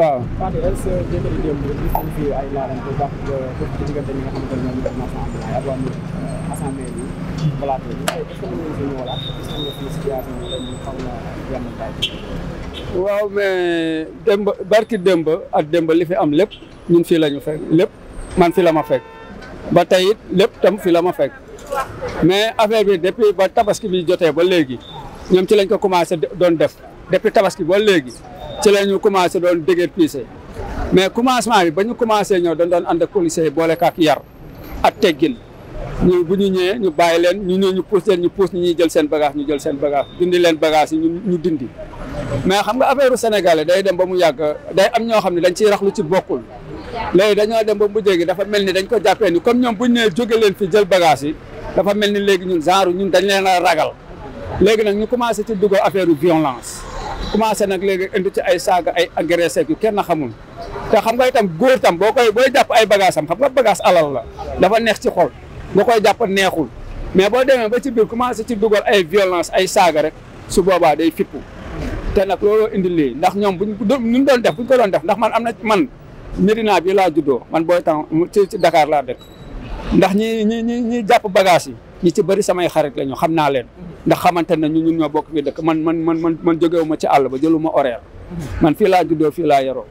waaw Fatou waaw mais démb barki démb ak démb li fi am lépp ñun fii la ñu fekk lépp man fi la ma fekk ba tey it lépp tam fi la ma fekk mais affaire bi depuis ba tabaski bi jotee ba léegi ñoom ci lañ ko commencé doon def depuis tabaski ba léegi ci la ñu commencé doon dégër piise mais commencement bi ba ñu commencé ñëw dañ doon ànd ak boole kaak yar ak teggin ñu bu ñu ñëwee ñu bàyyi leen ñu ñëw ñu pousse leen ñu ñu ñuy jël seen bagage ñu jël seen bagage dindi leen bagage yi ñu dindi mais xam nga affaire sénégalais day dem ba mu yàgg day am ñoo xam ne dañ ciy rax lu ci bokkul léegi dañoo dem ba mu jéegi dafa mel ni dañ ko jàppee ni comme ñoom buñ nee jóge leen fi jël bagage yi dafa mel ni ñun genre ñun dañ leen a ragal léegi nag ñu commencé ci dugg affaire violence commencé nag léegi indi ci ay saaga ay agressé yu kenn xamul te xam nga itam góor tam boo koy booy jàpp ay bagage am xam nga bagage alal la dafa neex ci xol nga koy jàpp neexul mais boo demee ba ci biir commencé ci dugal ay violence ay saaga rek su boobaa day fippu te nag looloo indi lii ndax ñoom buñ ñu doon def ñu ko doon def ndax man am na man Médina bi laa juddoo man booy temps ci dakaar laa dëkk ndax ñi ñi ñi ñi jàpp bagage yi ñi ci bari samay xarit la ñu xam naa leen ndax xamante ne ñu ñun ñoo bokk fi dëkk man man man man man jógewuma ci àll ba jëluma horaire man fii laa juddoo fii laa yaroo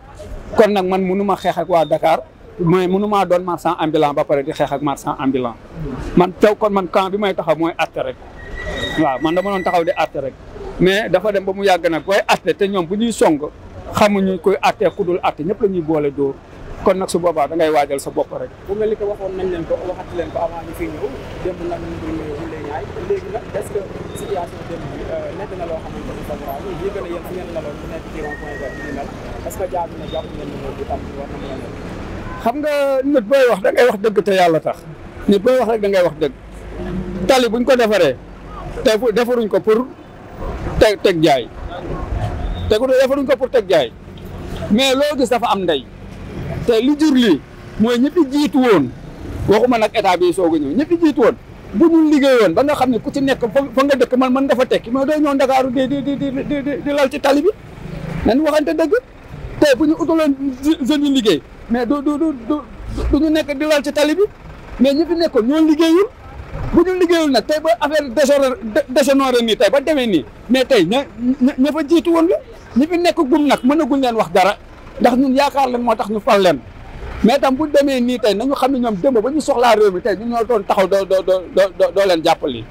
kon nag man mënuma xeexak waa dakaar mais mënumaa doon marchand ambulant ba pare di xeex ak marchand ambulant man tew kon man kaam bi may taxaw mooy atte rek waaw man dama doon taxaw di atte rek mais dafa dem ba mu yàgg nag booy atte te ñoom bu ñuy song xamuñu koy atte ku dul atte ñëpp la ñuy boole dóor kon nag su boobaa dangay waajal sa bopp rek. bu mel ni que waxoon nañ leen ko waxati leen ko euh, na loo xam nga nit booy wax da ngay wax dëgg te yàlla tax nit booy wax rek da ngay wax dëgg tali buñ ko defaree te defaruñ ko pour teg teg jaay te defaruñ ko pour teg jaay mais loo gis dafa am ndey. te li jur lii mooy ñi fi jiitu woon waxuma nag état bi soog a ñëw ñi fi jiitu woon bu ñu liggéeyoon ba nga xam ne ku ci nekk fa nga dëkk man man nga fa tekki mais day ñëw Ndakaaru di di di di di lal ci tali bi nañ waxante dëgg tey bu ñu utaloon jeunes yi liggéey mais du du du du ñu nekk di lal ci tali bi mais ñi fi nekkoon ñoo liggéeyul bu ñu liggéeyul nag tey ba affaire déshonoré nii tey ba demee nii mais tey ña ña fa jiitu woon la ñi fi nekk gum nag mënagul leen wax dara. ndax ñun yaakaar leen moo tax ñu fal leen mais tam bu demee nii tey nañu xam ne ñoom démb ba ñu soxlaa réew mi tey ñun ñoo doon taxaw doo doo doo leen jàppale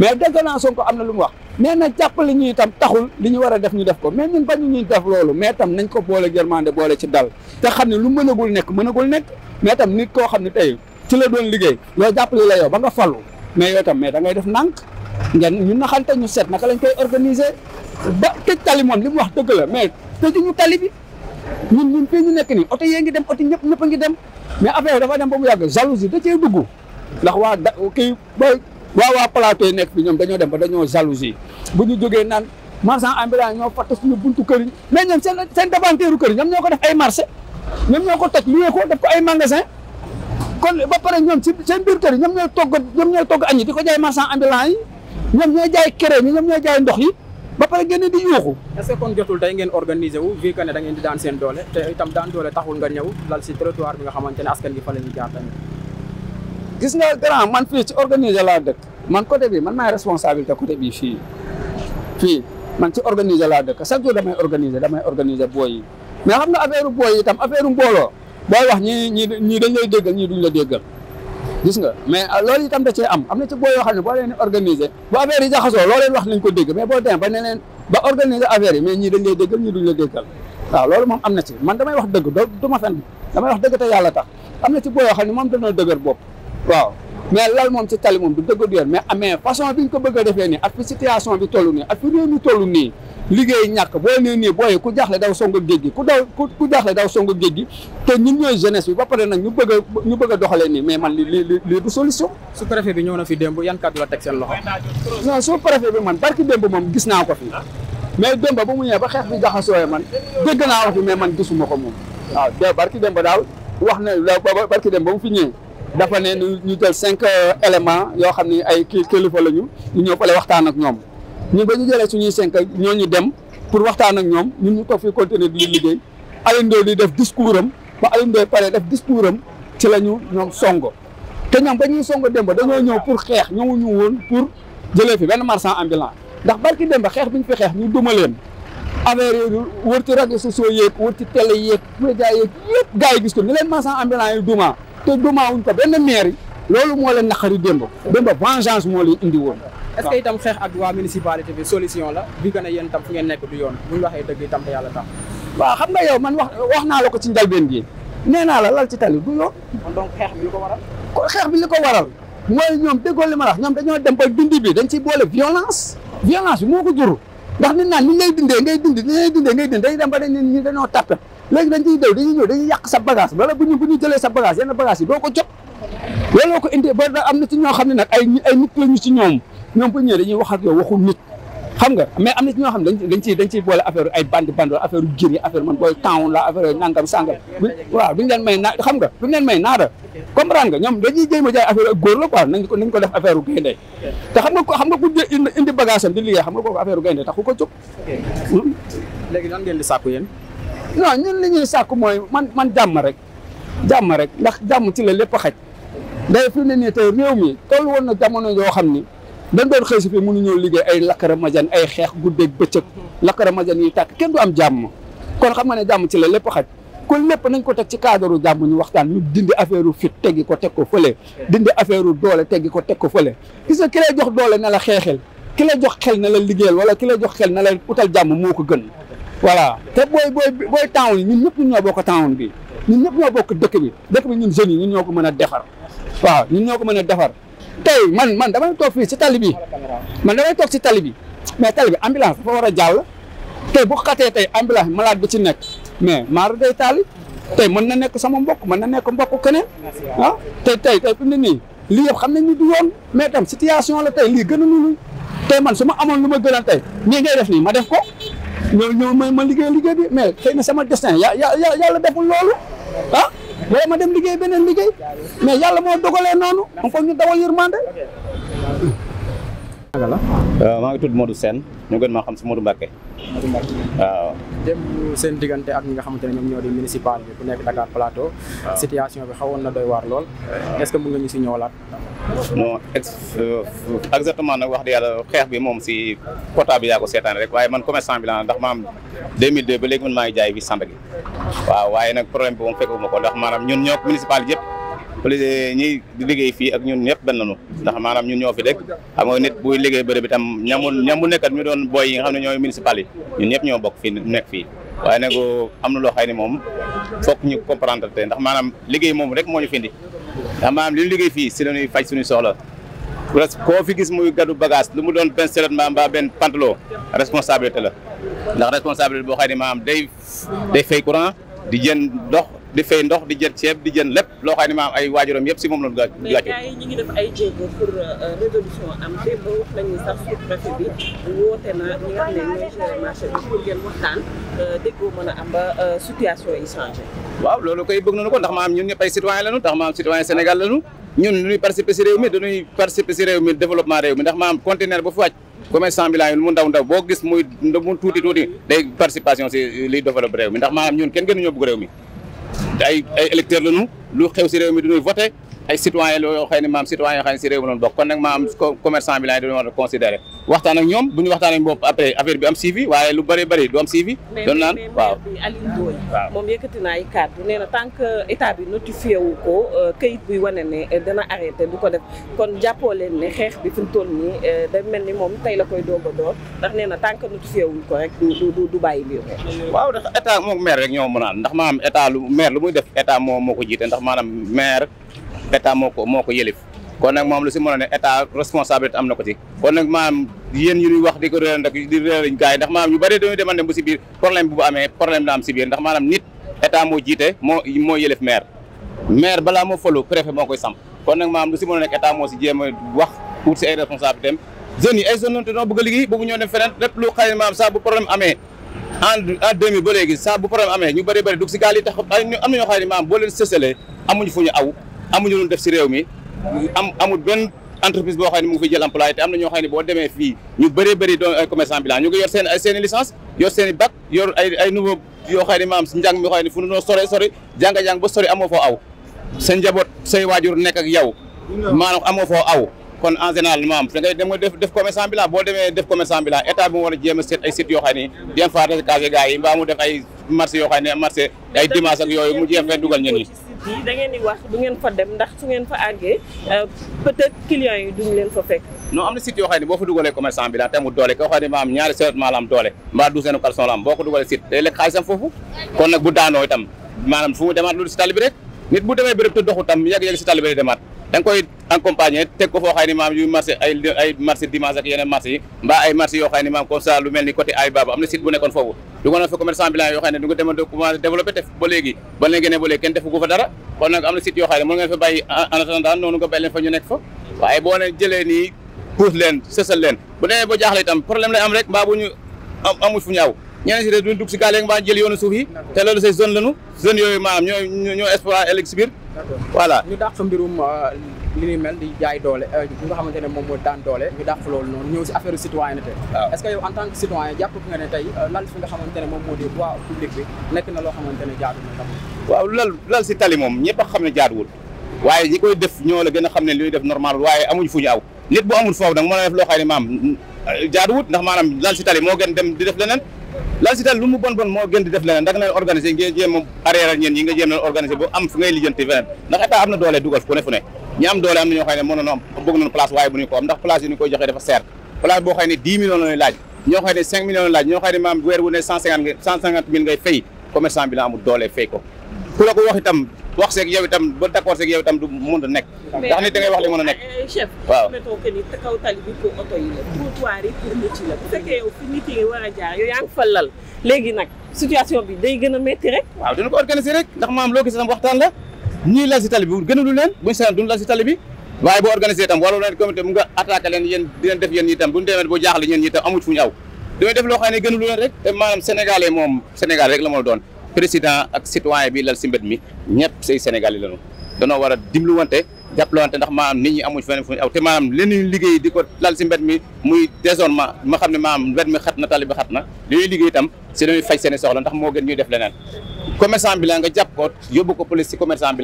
mais dégg naa Sonko am na lu mu wax nee na jàppale ñu itam taxul li ñu war a def ñu def ko mais ñun bañu ñuy def loolu mais tam nañ ko boole yërmande boole ci dal te xam ne lu mënagul nekk mënagul nekk mais tam nit koo xam ne tey ci la doon liggéey loo jàppale la yow ba nga falu mais yow tam mais da ngay def nànk ngeen ñu naxante ñu seet naka lañ koy organiser ba tëj tali li mu wax dëgg la mais tëjuñu tali bi ñun ñun fii ñu nekk nii oto yee ngi dem oto ñëpp ñëpp a ngi dem mais affaire dafa dem ba mu yàgg jalousie da cee dugg ndax waa da kii waa waa nekk bi ñoom dañoo dem ba dañoo jalousie bu ñu jógee naan marchand ambulant ñoo fatt suñu buntu kër yi mais ñoom seen seen davanteeru kër yi ñoom ñoo ko def ay marché ñoom ñoo ko toj luyee ko def ko ay magasin kon ba pare ñoom seen biir kër yi ñoom ñooy togg ñoom ñooy togg ko jaay marchand ambulant yi ñoom ñooy jaay kere yi ñoom ñooy jaay ndox yi ba pare ngeen di yuuxu. est-ce que kon jotul tey ngeen organiser wu vu que ne dangeen ngeen di daan seen doole te itam daan doole taxul nga ñëw lal si trottoir bi nga xamante ne askan bi fa la ñuy jaar tamit. gis nga grand man fii ci organiser laa dëkk man côté bi man maay responsabilité côté bii fii fii man ci organiser laa dëkk chaque jour damay organiser damay organiser booy yi mais xam nga affaire booy yi itam affaire mbooloo booy wax ñii ñii ñii dañ lay déggal ñii duñ la déggal. gis nga mais ah, loolu itam da cee am am na ci boo yoo xam ne boo leen organiser bu affaire yi jaxasoo loo leen wax nañ ko dégg mais boo demee ba ne ba organiser affaire yi mais ñii dañ lay déggal ñii duñ la moom am na ci man damay wax dëgg doo du ma fen damay wax dëgg te yàlla am na ci boo yoo xam ne moom dañoo dëgër bopp waaw mais lal moom ci tali moom du dëgg du yoon mais amee façon bi ñu ko bëgg a defee nii ak fi situation bi toll nii ak fi réew mi toll nii liggéey ñàkk boo nee nii booyee ku jaaxle daw songu géej gi ku daw ku jaaxle daw songu géej gi te ñun ñooy jeunesse bi ba pare nag ñu bëgg a ñu bëgg a doxalee nii mais man li li lii du solution. sous préfet bi ñëw na fi démb yan kàddu la teg seen loxo. non sous préfet bi man barki démb moom gis naa ko fi mais démb ba mu ñëwee ba xeex bi jaxasooyee man dégg naa wax fi mais man gisuma ko moom waaw barki démb daal wax na barki démb ba mu fi ñëwee dafa ne ñu jël cinq euh, éléments yoo xam ni ay kii kilifa lañu ñu ñëw fale waxtaan ak ñoom ñu ba ñu jëlee suñuy cinq ñooñu dem pour waxtaan ak ñoom ñu ñu toog fi continuer di liggéey Alioune di def discours am ba Alioune Ndoye pare def discours am ci la ñu ñoom songo te ñoom ba ñuy songo ba dañoo ñëw pour xeex ñëwuñu woon pour jëlee fi benn marchand ambulant ndax barki démb xeex bi ñu fi xeex ñu duma leen affaire yooyu wër ci rajo sociaux yeeg wër ci télé yeeg média yeeg yëpp yi gis ko ni leen marchand ambulant yi duma te dumaawuñ ko benn maire loolu moo la naqari démb démb vengeance moo leen indi woon est-ce que itam xeex bi solution la bi gën a yéen itam fu ngeen nekk du yoon buñ waxee dëgg itam te yàlla tax waaw xam nga yow man wax wax naa la ko ci njalbeen gi nee naa la lal ci tali du yoon kon donc xeex bi li ko waral ko bi li ko waral mooy ñoom déggoo li ma wax ñoom dañoo dem ba dindi bi dañ ci boole violence violence bi moo ko jur ndax nit naan ni ngay dindee ngay dindi ni ngay dindee ngay dindi dañ dem ba dañ ñi dañoo tàppet léegi dañ ciy daw dañuy ñëw dañuy yàq sa bagage wala bu ñu bu ñu jëlee sa bagage yenn bagage yi doo ko jot looloo ko indi ba am na ci ñoo xam ne nag ay ay nit la ñu ci ñoom ñoom bu ñëwee dañuy wax ak yow waxu nit xam nga mais am na ci ñoo xam ne dañ dañ ciy dañ ciy boole affaire ay bandi bandi wala affaire gir yi affaire man booy temps la affaire nangam sàngam waaw duñu leen may naa xam nga duñu leen may naara comprendre nga ñoom dañuy jéem a jaay affaire ak góor la quoi nañ ko nañ ko def affaire u gaynde te xam nga ko xam nga ku indi bagage am di liggéey xam nga kooku affaire u gaynde tax ku ko jóg léegi nan ngeen di sàkku yéen non ñun li ñuy sàkk mooy man man jàmm rek jàmm rek ndax jàmm ci la lépp a xaj day fi ne nii tey réew mi toll woon na jamono yoo xam ni dañ doon xëy si fi mënuñoo liggéey ay lakkaramajan ay xeex guddeeg bëccëg lakkaramajan yi tàkk kenn du am jàmm kon xam nga ne jàmm ci la lépp xaj kon lépp nañ ko teg ci cadre jàmm ñu waxtaan ñu dindi affaire u fit teggi ko teg ko fële dindi affaire u doole teggi ko teg ko fële gis nga ki jox doole na la xeexeel ki lay jox xel na la liggéeyal wala ki lay jox xel na la utal jàmm moo ko gën voilà te booy booy booy town yi ñun ñëpp ñun ñoo bokk town bi ñun ñëpp ñoo bokk dëkk bi dëkk bi ñun jeunes yi ñun ñoo ko mën a defar waaw ñun ñoo ko mën a defar tey man man damay toog fii si tali bi man damay toog si tali bi mais tali bi ambulance dafa war a jàll tey bu xatee tey ambulance malade bu ci nekk mais maar day taali tey mën na nekk sama mbokk mën na nekk mbokk keneen ah tey tey tey fi mu ne nii lii yëpp xam nañ ni du yoon mais tam situation la tey lii gën a nulu tey man su ma amoon lu ma gënal tey nii ngay def nii ma def ko ñoo ñoo ma ma liggéey liggéey bi mais xëy sama destin ya ya yàlla deful loolu ah wala ma dem liggéey beneen liggéey mais yàlla moo dogalee noonu on ko ñu dawal yërmande Euh, maa ngi tudd Modou Sène ñu gën maa xam si Modou Mbacke. Modou Mbacke waaw. dem seen diggante ak ñi nga xamante ne ñoom ñoo di municipal bi ku nekk Dakar Plateau. situation bi xawoon na doy waar lool. est-ce que mën nga ñu si ñëwalaat. non euh, exactement nag wax dëgg yàlla xeex bi moom si quota bi yaa ko seetaan rek waaye man commerçant bi laa ndax maam 2002 ba léegi man maa ngi jaay bi sànd gi. waaw waaye nag problème bi moom fekkuma ko ndax maanaam ñun ñoo municipal yëpp. police ñiy liggéey fii ak ñun ñëpp benn lañu ndax maanaam ñun ñoo fi dëkk xam nga nit buy liggéey bërëb bi tam ñamul ñamu nekkat ñu doon booy yi nga xam ne ñooy municipal yi ñun ñëpp ñoo bokk fii nekk fii waaye nag am na loo xay ni moom fokk ñu comprendre te ndax maanaam liggéey moom rek moo ñu fi indi ndax maanaam li liggéey fii si la ñuy faj suñuy soxla presque koo fi gis muy gàddu bagage lu mu doon benn seret mbaa mbaa benn pantalon responsabilité la ndax responsabilité boo xay ni maanaam day day fay courant di jën ndox di fay ndox di jël ceeb di jën lépp loo xam ne maam ay waajuram yëpp si moom la ñu gàcce. mais gars yi ñu ngi def ay jéego pour euh, résolution am démb wax nañu sax sous-préfet na euh, a am ba euh, situation yi changé. waaw loolu koy bëgg nañu ko ndax ñun ñëpp ay citoyen ndax maam citoyen Sénégal lañu ñun lu ñuy participer si réew mi dañuy participer si réew mi développement réew mi ndax maam conteneur ba fu wàcc. commerçant bi laa mu ndaw ndaw boo gis muy mu tuuti tuuti day participation si liy développé réew mi ndax maanaam ñun kenn gënuñoo bëgg réew mi te ay ay électeurs lañu lu xew si réew mi dañuy voté ay citoyen la yoo xam ne maam citoyen yoo xam ne réew mi doon bokk bi laay doon a considéré waxtaan ak ñoom bu ñu waxtaan ak bopp après affaire bi am suivi waaye lu bëri bëri du am suivi doon naan waaw Aliou moom yëkkati na ay kàddu nee bi notifié wu ko euh, këyit buy wane ne euh, dana arrêté du ko def kon jàppoo leen ne xeex bi fi mu toll nii euh, da mel ni moom tey la koy doog a door ndax nee na tant que notifié wuñ ko rek du du bàyyi mbir waaw ndax état moom maire rek ñoo mën a ndax maam état lu maire lu muy def état moo moo ko jiite ndax maanaam maire état moo ko moo ko yëlif kon nag moom lu si mën a ne état responsabilité am na ko ci kon nag maam yéen ñu ñuy wax di ko réeral rek di réeral gars yi ndax maanaam ñu bëri dañuy demande bu si biir problème bu amee problème da am si biir ndax maanaam nit état moo jiite moo moo maire maire balaa moo falu préfet moo koy samp kon nag maam lu si mën a moo si jéem wax wut si ay responsabilité am jeunes ay jeunes te noo bëgg a liggéey bëgg ñoo dem feneen lépp lu xëy maam saa bu problème amee en en ñu bëri bëri am na ñoo xam ne maam ñu aw amuñu lu def si réew mi am amul ben entreprise boo xam ne mu ngi fi jël employé te am na ñoo xam ne boo demee fii ñu bëree bëri doon ay commerçant bilan ñu ngi yor seen seen i licence yor seen yoo xam maam si njàng mi xam ne fu nu noo sore sore jàng-jàng ba sori amoo foo aw sa njaboot say waajur nekk ak yow maanaam amoo foo aw kon en maam da dem nga def def commerçant boo demee def commerçant bilan état bi mu war a jéem a seet ay sites yoo xam ne bien faa casé gars yi mbaa def marché yoo xam ne marché ay dimanche ak yooyu mu jeex fee dugal ñun ñi da ngeen di wax du ngeen fa dem ndax su ngeen fa àggee euh, peut-être clients yi duñ leen fa fekk non am na site yoo xam ne boo fa dugalee commerçant bi la te mu doole koo xam ne ma ñaari seulement la doole mbaa du seenu caleçon la boo ko dugalee site day lekk xaalisam foofu kon nag bu daanoo itam maanaam fu mu demaat lu si tali nit bu demee béréb te doxu tam yàgg-yàgg si tali du ko nag fa commerçant yoo xam ne du ko demoon commencé développé te ba léegi ba leen génnee ba léegi kenn defu ko fa dara kon nag am na site yoo xam ne mën ngeen fa bàyyi en attendant noonu nga bàyyi leen fa ñu nekk fa waaye boo leen jëlee nii puus leen sësal leen bu demee ba jaaxle itam problème lay am rek mbaa bu ñu amuñ fu ñaaw ñeneen si de duñ dugg si gaal yeeg mbaa jël yoonu suuf yi te loolu say zone lañu zone yooyu maanaam ñoo ñoo exploité ëllëg si li ñuy mel di jaay doole euh, li nga xamante ne moom moo daan doole ñu dàq loolu noonu ñëw si affaire citoyenneté est-ce que yow en tant que citoyen jàpp nga ne tey euh, lal fi nga xamante ne moom moo di droit public bi nekk na loo xamante ne jaadu na waaw lal lal si tali moom ñëpp a xam ne jaaduwul waaye ñi koy def ñoo la gën a xam ne li ñuy def normal waaye amuñ fu ñu aw nit bu amul foofu nag mën a def loo xam ne maam euh, jaaduwut ndax maanaam lal si tali moo gën dem di def leneen lal si tali lu mu bon bon moo gën di def leneen ndax nga leen organiser ngeen jéem a arrière ñeen ñi nga jéem leen organiser bu am fu ngay lijjanti feneen ndax état am na doole dugal fu ne fu ne ñi am doole am na ñoo xam ne mën na am bëgg nañu place waaye bu ñu ko am ndax place yi ñu koy joxee dafa seer place boo xam ne dix millions laaj ñoo xam cinq millions laaj ñoo xam maam weer wu ne cent cinquante mille ngay fay commerçant bi la amul ko ku la ko wax itam wax seeg yow itam ba d'accord seeg yow itam du mën a nekk ndax nit da ngay wax li mën a nekk euh, euh, waaw mettons a fa lal léegi nag situation bi day gën a métti rek waaw dina ko organiser rek ndax maam loo gis tam waxtaan la ñii lal si tali bi gënalu leen buñ seen duñ lal si tali bi waaye boo organisé itam wala leen comité mu nga attaqué te maanaam ma doon président ak citoyen bi lal si mbed mi ñëpp di ko lal si mbed mi muy désormais ma xam ne maanaam mbed mi xat na tali bi xat na li ñuy liggéey itam si dañuy faj seen soxla ndax moo gën ñuy def leneen ko yóbbu ko police si commerçant bi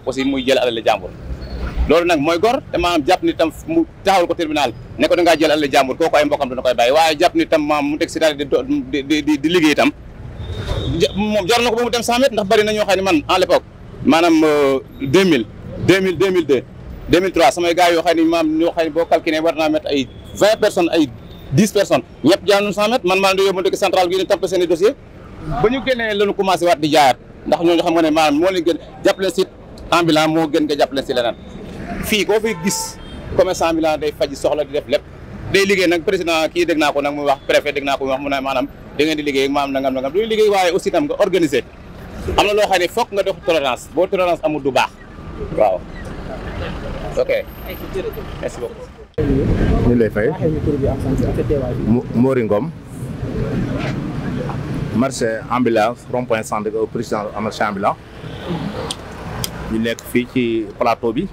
ko si muy jël alal jàmbur loolu nag mooy gor te maanaam jàpp ni tam mu taxawal ko tribunal ne ko da ngaa jël alal jàmbur kooku ay mbokkam dana koy bàyyi waaye jàpp ni maam mu teg di liggéey itam moom ko ba mu dem 100 mètres ndax bëri na ñoo xam ne man en l'époque maanaam 2000 2000 2002 2003 samay gars yoo xam ne maam ñoo xam ne boo calculé war naa ay 20 personnes ay 10 personnes ñëpp jaar nañu 100 mètres man maa ngi central jaayaat ndax ñooñu xam nga ne maanaam moo leen gën jàppale si ambulant moo gën nga jàppale si leneen fii koo fi gis commerçant ambulant day faj soxla di def lépp day liggéey nag président kii dégg naa ko nag mu wax préfet dégg naa ko mu wax mu ne maanaam da ngeen di liggéey maanaam nangam nangam du liggéey waaye aussi tam nga organisé am na loo xam ne nga def tolérance boo tolérance amul du baax waaw ok merci beaucoup. ñu lay fay marché ambulant rond-point Sandaga au président marché ambulant ñu nekk fii ci plateau bi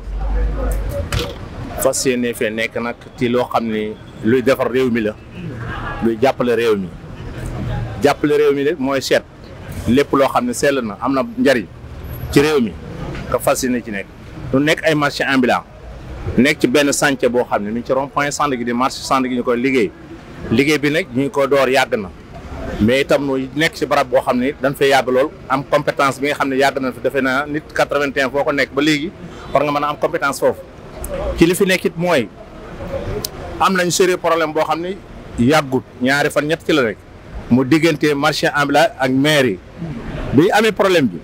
fas yéene fee nekk nag ci loo xam ni luy defar réew mi la luy jàppale réew mi jàppale réew mi rek mooy seet lépp loo xam ne sell na am na njariñ ci réew mi nga fas yéene ci nekk lu nekk ay marché ambulant nekk ci benn chantier boo xam ne mi ngi ci rond-point gi di marché Sandaga gi ñu koy liggéey liggéey bi nag ñu ngi ko door yàgg na mais itam nu nekk ci barab boo xam ne dañ fay yàgg lool am compétence bi nga xam ne yàgg nañ fi defe naa nit 81 foo ko nekk ba léegi war nga mën a am compétence foofu ci li fi nekk it mooy am nañ sérieux problème boo xam ne yàggut ñaari fan ñett ci la mu diggante marché ambulant ak maire yi bi amee problème bi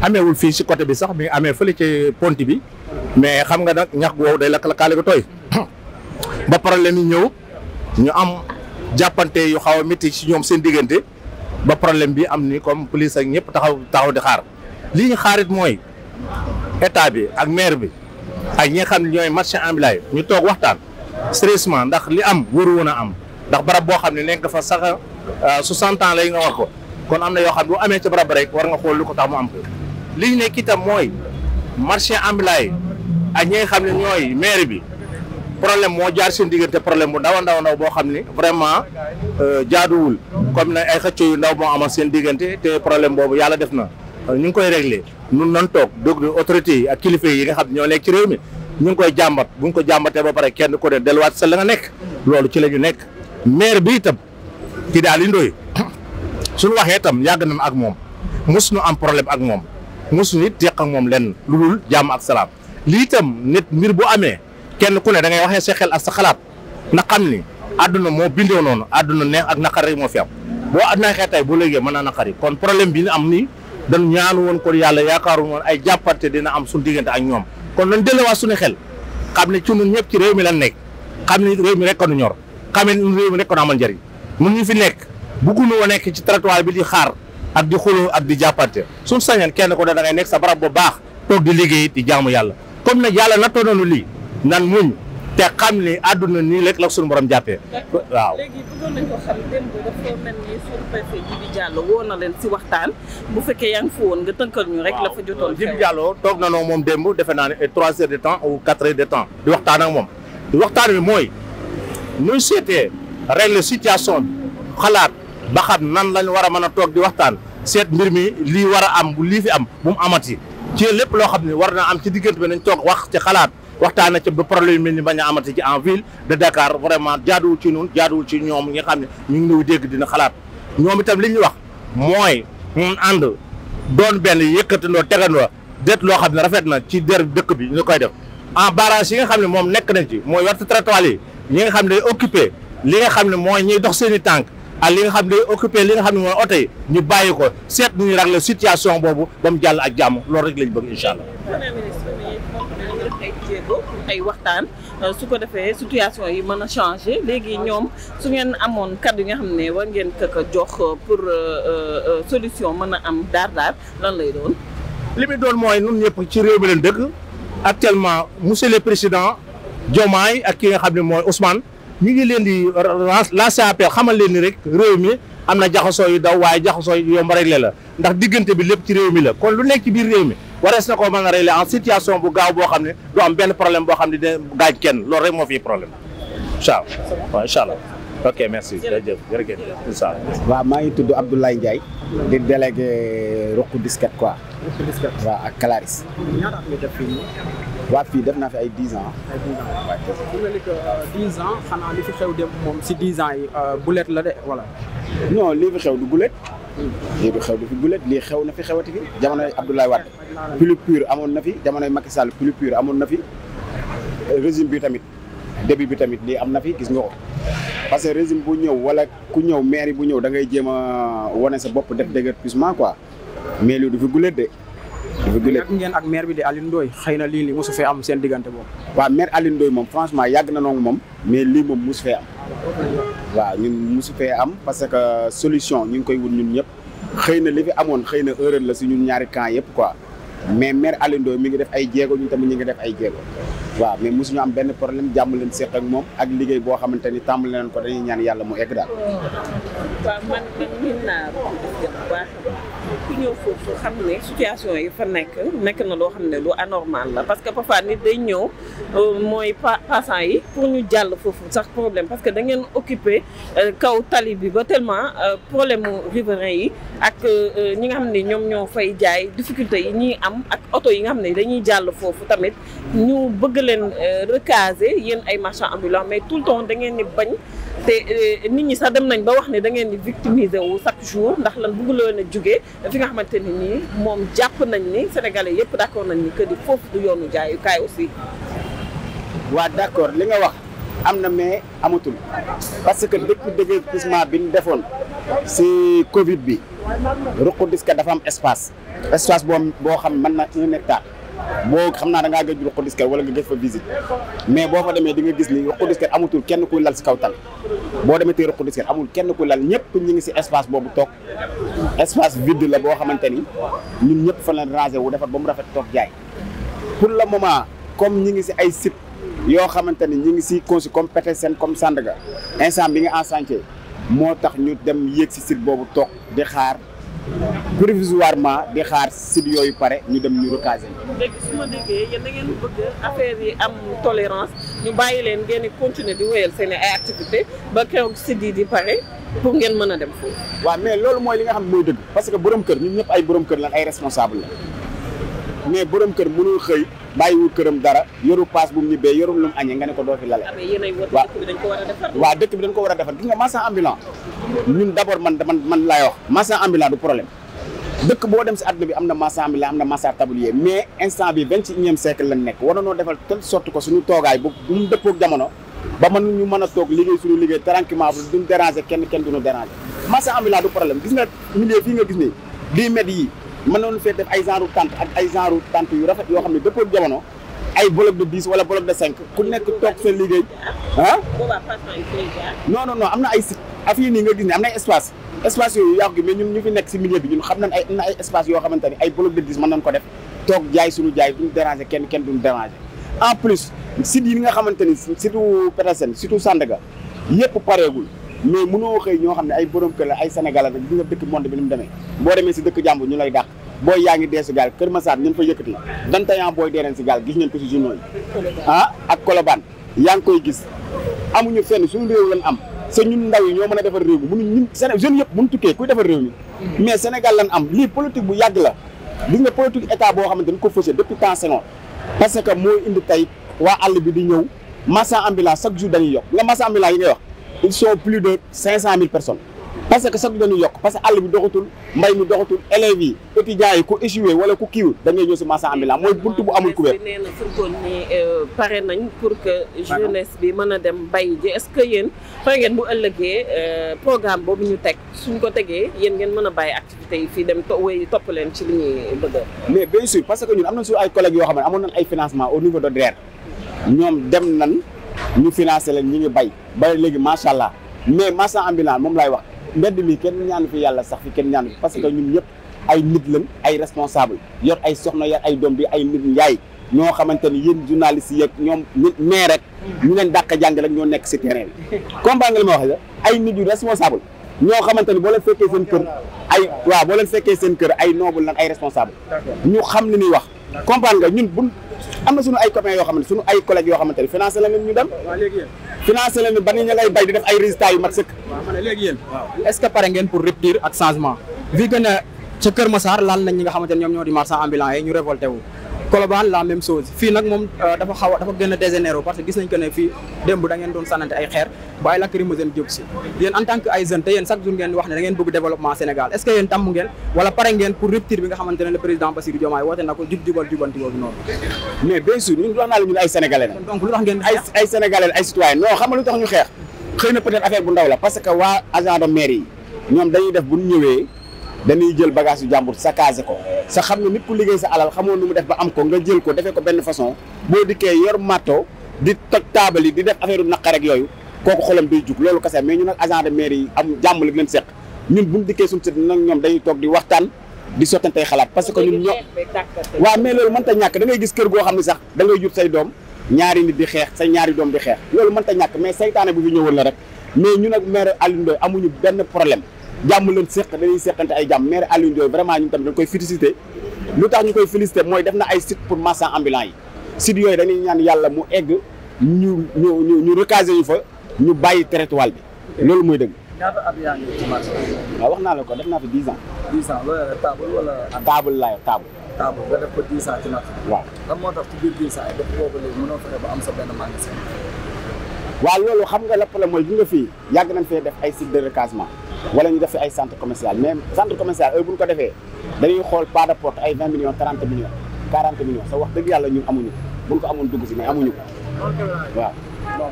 ameewul fii ci côté bi sax bi amee fële ci pont bi mais xam nga nag ñax gu wow day lakk la kaale tooy ba problème yi ñëw ñu am jàppante yu xaw a métti ci ñoom seen diggante ba problème bi am ni comme police ak ñëpp taxaw taxaw di xaar li ñu xaarit mooy état bi ak maire bi ak ñi xam ne ñooy marchand ñu toog waxtaan sérieusement ndax li am waru woon a am ndax barab boo xam ne nekk fa sax 60 euh, ans lay nga war ko kon am na yoo xam ne bu amee ca barab rek war nga xool lu ko tax mu am ko li itam mooy marchand ambulant ak ñi xam ne ñooy maire bi. problème moo jaar seen diggante problème bu ndaw a ndaw ndaw boo xam ne vraiment euh, jaaduwul comme ne ay xëccoo yu ndaw moo amal seen diggante te problème boobu yàlla def na euh, ñu ngi koy réglé nun nan toog déglu autorités yi ak kilifa yi nga xam ñoo nekk ci réew mi ñu ngi koy jàmbat bu ñu ko jàmbatee ba pare kenn ko ne delluwaat sa la nga nekk loolu ci la nekk maire bi itam ki daal di ndoy suñu waxee tam yàgg nañ ak moom mos ñu am problème ak moom mos ñu it ak moom lenn lu dul jàmm ak salaam lii itam amee kenn ku ne da ngay waxee sa xel ak sa xalaat na xam ni àdduna moo bindoo noonu àdduna ne ak naqar moo fi am boo neexee tey bu léegi mën naa naqari kon problème bi ñu am nii dañu ñaanu woon ko yàlla yaakaaru woon ay jàppante na am suñu diggante ak ñoom kon dañ delluwaat suñu xel xam ne ci ñun ñëpp ci réew mi lan nekk xam ne réew mi rek ko nu ñor xam ne réew mi rek ko nu amal njëriñ mun ñu fi nekk bu bëgguñu woon nekk ci trottoir bi di xaar ak di xuloo ak di jàppante suñu sañoon kenn ko da ngay nekk sa barab bu baax toog di liggéey di jaamu yàlla comme nag yàlla nattoo noonu lii nan muñ te xam ni àdduna nii rek la suñu borom jàppee. waaw léegi bëggoon ko xam démb dafa mel ni na leen si waxtaan bu fekkee yaa ngi fa woon nga tënkal ñu rek. la fa jotoon Djibi Diallo toog na noo moom demb defe naa ne trois heures de temps ou quatre heures de temps. di waxtaan ak moom waxtaan bi mooy nuy seetee régler situation xalaat ba xam nan lañu war a mën a toog di waxtaan seet mbir mi lii war a am lii fi am bu mu amati ci lépp loo xam ne war naa am ci diggante bi nañ toog wax ci xalaat. waxtaan ci ba problème mel ni bañ a amati ci en ville de Dakar vraiment jaaduwul ci ñun jaaduwul ci ñoom ñi nga xam ne ñu ngi nuy dégg dina xalaat ñoom itam li ñuy wax mooy ñun ànd doon benn yëkkatandoo tegandoo det loo xam ne rafet na ci der dëkk bi ñu koy def en barrage yi nga xam ne moom nekk nañ ci mooy werte traitoire yi ñi nga xam ne day li nga xam ne mooy ñuy dox seen i tànk ak li nga xam ne day li nga xam ne mooy oto yi ñu bàyyi ko seet ñu régler situation boobu ba mu jàll ak jàmm loolu rek lañ bëgg incha allah ay waxtaan euh, su ko defee situation yi mën a changé léegi ñoom su ngeen amoon kàddu yi nga xam ne war ngeen ko jox euh, pour euh, solution mën a am daar-daar lan lay doon. li muy doon mooy ñun ñëpp ci réew mi leen dëkk actuellement monsieur le président Diomaye ak ki nga xam ne mooy Ousmane ñu ngi leen di lancer appel xamal leen ni rek réew mi. am na jaxasoo yu daw waaye jaxasoo yu yomb rek la ndax diggante bi lépp ci réew mi la kon lu nekk ci biir réew mi warees na koo mën a régler en situation bu gaaw boo xam ne du am benn problème boo xam ne dina gaañ kenn loolu rek moo fi problème incha allah waaw incha allah ok merci jërëjëf jërëjëf incha allah waaw maa ngi tudd Abdoulaye Ndiaye di délégué Roqu Disquette quoi waaw ak Calaris waa fii def naa fi ay dix ans. ay dix ans waaw bu mel xanaa li fi xew dem moom si dix ans yi gulet euh, la de voilà. non li fi xew du gulet. lii du xew du fi bulet lii xew na fi xewati fi jamonoy Abdoulaye Wade plus pur amoon na fi jamonoy Macky Sall plus amoon na fi régime bi tamit début bi tamit lii am na fi gis nga ko parce que régime bu ñëw wala ku ñëw maire bu ñëw da ngay jéem a wane sa bopp def déguerpissement quoi mais lii du fi gulet de. du fi gulet ngeen ak maire bi di Alioune Ndoye xëy na lii li mosu fee am seen diggante boobu. waa maire Alioune moom franchement yàgg na noonu moom mais lii moom mosu am. waaw ñun su fee am parce que solution ñu ngi koy wut ñun ñëpp xëy na li fi amoon xëy na erreur la si ñun ñaari camp yëpp ko mais maire Alioune Ndoye mi ngi def ay jéego ñun tamit ñu ngi def ay jéego waaw mais mosuñu am benn problème jàmm leen seq ak moom ak liggéey boo xamante ni tàmbali leen ko dañuy ñaan yàlla mu egg daal. Oh. ku ñëw foofu xam ne situation yi fa nekk nekk na loo xam ne lu anormal la parce que parfois nit day ñëw euh, mooy passant yi pour ñu jàll foofu sax problème parce que da ngeen occupé euh, kaw tali bi ba tellement euh, problème mu riverain yi ak ñi nga xam ne ñoom ñoo fay jaay difficulté yi ñuy am ak oto yi nga xam ne dañuy jàll foofu tamit ñu bëgg leen recaser yéen ay marchands ambulants mais tout le temps da ngeen ni bañ. te eh, nit ñi sax dem nañ ba wax ne da ngeen di victimiser wu chaque jour ndax lan bëgg leen a jugee fi nga xamante ni nii moom jàpp nañ ni sénégalais yëpp d' accord nañ ni que di foofu du yoonu kaay aussi. waa d' accord li nga wax am na mais amatul parce que depuis déguerpissement bi ñu defoon si Covid bi Ruqu Disca dafa am espace espace boo boo xam mën na un hectare. boo xam naa da ngaa gëj ruqu disket wala nga gëj fa visite mais boo fa demee di nga gis ni ruqu disket amatul kenn ku lal si kaw tal boo demee tey ruqu disket amul kenn ku lal ñëpp ñi ngi si espace boobu toog espace vide la boo xamante ni ñun ñëpp fa leen rangé wu defar ba mu rafet toog jaay pour le moment comme ñi ngi si ay site yoo xamante ni ñi ngi si conçu comme Petersen comme Sandaga instant bi nga en chantier moo tax ñu dem yéeg si site boobu toog di xaar provisoirement di xaar site yooyu pare ñu dem ñu recaser. léegi su ma déggee yéen da bëgg affaire yi am tolérance ñu bàyyi leen ngeen di continuer di wéyal seen ay activité ba keroog site yi di pare pour ngeen mën a dem foofu. waaw mais loolu mooy li nga xam ne mooy dëgg parce que borom kër ñu ñëpp ay borom kër lan ay responsable la. mais borom kër mënul xëy bàyyiwul këram dara yoru paas bu mu ñibbee yorum lu mu añee nga ne ko doo fi lale waaw waaw dëkk bi dañ ko war a defar gis nga marchand ambulant ñun d' abord man man man laay wax marchand ambulant du problème dëkk boo dem si àdduna bi am na marchand ambulant am na marchand tablier mais instant bi vingt et unième siècle nekk war na noo defal telle sorte que suñu toogaay bu mu dëppoog jamono ba mën ñu mën a toog liggéey suñu liggéey tranquillement duñ déranger kenn kenn duñu déranger marchand ambulant du problème gis nga milieu fii nga gis yi mënoon fee def ay genre tànt ak ay genre tànt yu rafet yoo xam ne dëppoo jamono ay bloc de dix wala bloc de cinq ku nekk toog sa liggéey ah? am na ay site affaire yi nii nga gis ne am na ay espace espace yooyu yàqu gi mais ñun ñu fi nekk si milieu bi ñun xam nañ ay am na ay espace yoo xamante ne ay bloc de dix mën nañ ko def toog jaay suñu jaay duñ déranger kenn kenn duñ déranger en plus site yi nga xamante ni surtout Petersen surtout Sandaga yëpp pareegul mais mënoo xëy ñoo xam ne ay borom kër la ay sénégalais rek di nga dëkk monde bi ni mu demee boo demee si dëkk jàmbur ñu lay dàq booy yaa ngi dee si gaal Kër Massar ñu fa yëkkati ah, koy gis amuñu fenn suñu réew lan ñun ndaw yi ñoo mën a defar réew mi yëpp mënu tukkee kuy defar réew mi mais Sénégal lan am yàgg la gis nga politique état boo dañ ko faussé depuis temps Senghor parce que moo indi tey waa àll bi di ñëw marchand ambulant chaque jour dañuy yokk nga marchand ambulant yi ngay wax ils sont plus de cinq cent mille personnes parce que sax dañuy yokk parce que àll bi doxatul mbay mi doxatul élèves yi étudiants yi ku échoué wala ku kiiwul da ngay ñëw si marchand ambulant mooy buntu bu amul couvert. Euh, pare nañ pour que jeunesse bi mën a dem bay ji est-ce que yéen pare ngeen bu ëllëgee euh, programme boobu ñu teg suñ ko tegee yéen ngeen mën a bàyyi activités yi fii dem to wéy topp leen ci li ñuy bëgg mais bien sûr parce que ñun am nañ suñu ay collègues yoo xam ne amoon nañ ay financement au niveau de DER dem nañ. ñu financé leen ñu ngi bay bay léegi macha allah mais marchand ambulant moom laay wax mbedd mi kenn ñaanu fi yàlla sax fi kenn ñaanu fi parce que ñun ñëpp ay nit lañ ay responsable yor ay soxna yor bi ay nit njaay ñoo xamante ni yéen journalistes yeeg ñoom nit mais rek ñu leen dàq jàng rek ñoo nekk si terrain bi comprendre nga li responsable ñoo xamante ni boo leen fekkee seen kër ay waaw boo fekkee seen kër ay noble nag ay responsable ñu xam li ñuy wax comprendre nga ñun bu am na suñu ay copains yoo xam ne suñu ay collègues yoo xamante ne financé la leen ñu dem. waaw léegi yéen. financé ba ni ña bay di def ay résultats yu mat sëkk. waaw pare ngeen pour rupture ak changement. bi gën a ca Kër Massar laal nañ ñi nga xamante ñoom ñoo di marchand ambulant yi ñu révolté wu Colobane la même chose fii nag moom euh, dafa xaw a dafa gën a dégénéré parce que gis nañ que ne fii démb da ngeen doon sanante ay xeer ba ay lacrymogène jóg si yéen en tant que ay jeunes te yéen chaque jour ngeen wax ne da ngeen bëgg développement Sénégal est-ce que yéen tàmm ngeen wala pare ngeen pour rupture bi nga xamante ne le président Bassirou Diomaye woote na ko jub jubal jubanti boobu noonu mais bien sûr ñun wax naa la ay sénégalais donc lu tax ngeen ay ay dañuy jël bagage yu jàmbur saccagé ko sa xam ne nit ku liggéey sa alal xamoon nu mu def ba am ko nga jël ko defee ko benn façon boo dikkee yor matto di toj taabal yi di def affaire naqar ak yooyu kooku xolam day jug loolu kese mais ñu nag agent de mairie yi am jàmm lañ leen seq ñun buñ dikkee suñu nag ñoom dañuy toog di waxtaan di sottantey xalaat parce que ñun ñoo waaw mais loolu mënta ñàkk da ngay gis kër goo xam ne sax dangay ngay jur say doom ñaari nit di xeex say ñaari doom di xeex loolu mënta ñàkk mais saytaane bu fi ñëwoon la rek mais ñun nag maire amuñu benn problème jàmm leen seq dañuy seqante ay jàmm maire Alioune Ndoye vraiment ñun tamit dañ koy félicité lu tax ñu koy félicité mooy def na ay sit pour marsan ambulants yi site yooyu dañuy ñaan yàlla mu egg ñu ñu ñu ñu recaser ñu fa ñu bàyyi territoire bi loolu mooy dëgg. ñaata at yaa ngi waaw wax naa la ko def naa fi dix ans. dix ans loo laa yor table. table waaw lan moo tax ci biir dix ans yi def boobu loolu xam nga la problème mooy bi nga fii yàgg nañ fee def ay site de recasement. wala ñu def fi ay centre commercial mais centre commercial heure bu ñu ko defee dañuy xool pas de porte ay 20 millions 30 millions 40 millions sa wax dëgg yàlla ñun amuñu bu ñu ko amoon dugg si mais amuñu ko waaw.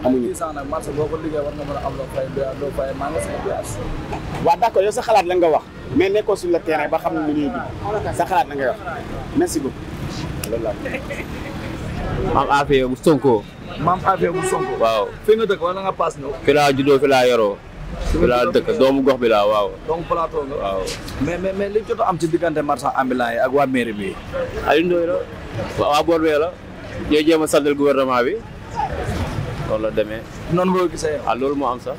amuñu non man nag marché boo ko liggéey war nga mën a am loo fay doo fay magasin bi waaw d' accord yow sa xalaat la nga wax mais nekkoo sur le terrain ba xam ne lu ñuy dugg sa xalaat la nga wax merci beaucoup loolu laa maam Afia bu Sonko. maam Afia bu Sonko. waaw fi nga dëkk wala nga paas ñëw. fi laa juddoo fi laa yoroo. bi laa dëkk doomu gox bi laa waaw. doomu plateau mais mais mais jot am ci diggante marchand ambulant yi ak waa mairie bi. Aliou Ndoye la waa boor bee la ñooy jéem a sànnal gouvernement bi loolu la demee. noonu nga gisee. ah loolu moo am sax.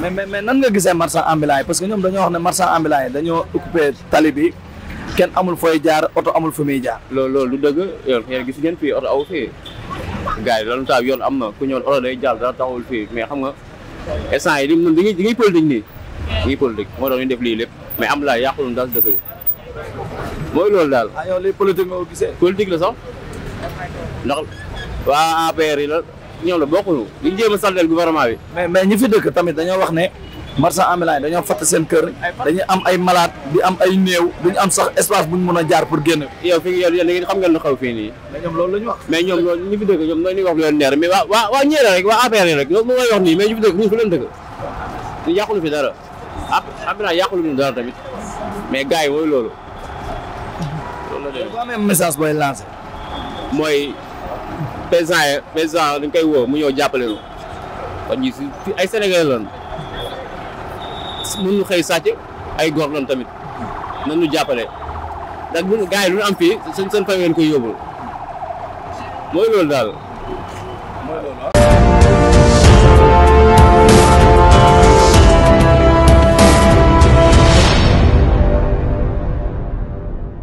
mais mais mais nan nga gisee marchand ambulant yi parce que ñoom dañoo wax ne marchand ambulant yi dañoo occupé tali bi kenn amul fooy jaar oto amul fu muy jaar. loolu lu du dëgg yoon yéen gis ngeen fii oto aw fii gars yi loolu taa yoon am na ku ñëw oto day jaar fii mais xam nga. instant yi ñun dañuy dañuy politique nii dañuy politique moo tax ñu def lii lépp mais am laa yàqulun daal dëkk mooy loolu daal. ah yow lii politique nga ko gisee. la sax ndax waa APR yi la ñoom la bokkuñu. ñu jéem a saltel gouvernement bi. mais mais ñi fi dëkk tamit dañoo wax ne. marchand ambulant yi dañoo fatt seen kër dañuy am ay malaat di am ay néew duñu am sax espace buñ mun a jaar pour génn yow fii yow léegi xam ngeen lu xaw fii nii mais ñoom loolu la ñu wax mais ñoom loolu ñu fi dëkk ñoom nooy ni wax loolu neer mais waa nii mais fi dëkk ñu fi leen fi dara tamit mais gars yi mooy loolu message booy lancé mooy paysan yi paysan dañ koy woo mu ñëw jàppale ñu kon ñu si ay Sénégalais lañ mën ñu xëy sàcc ay góor lañ tamit nañ ñu jàppale ndax bu gars yi lu ñu am fii seen seen famille ko yóbbul mooy loolu daal.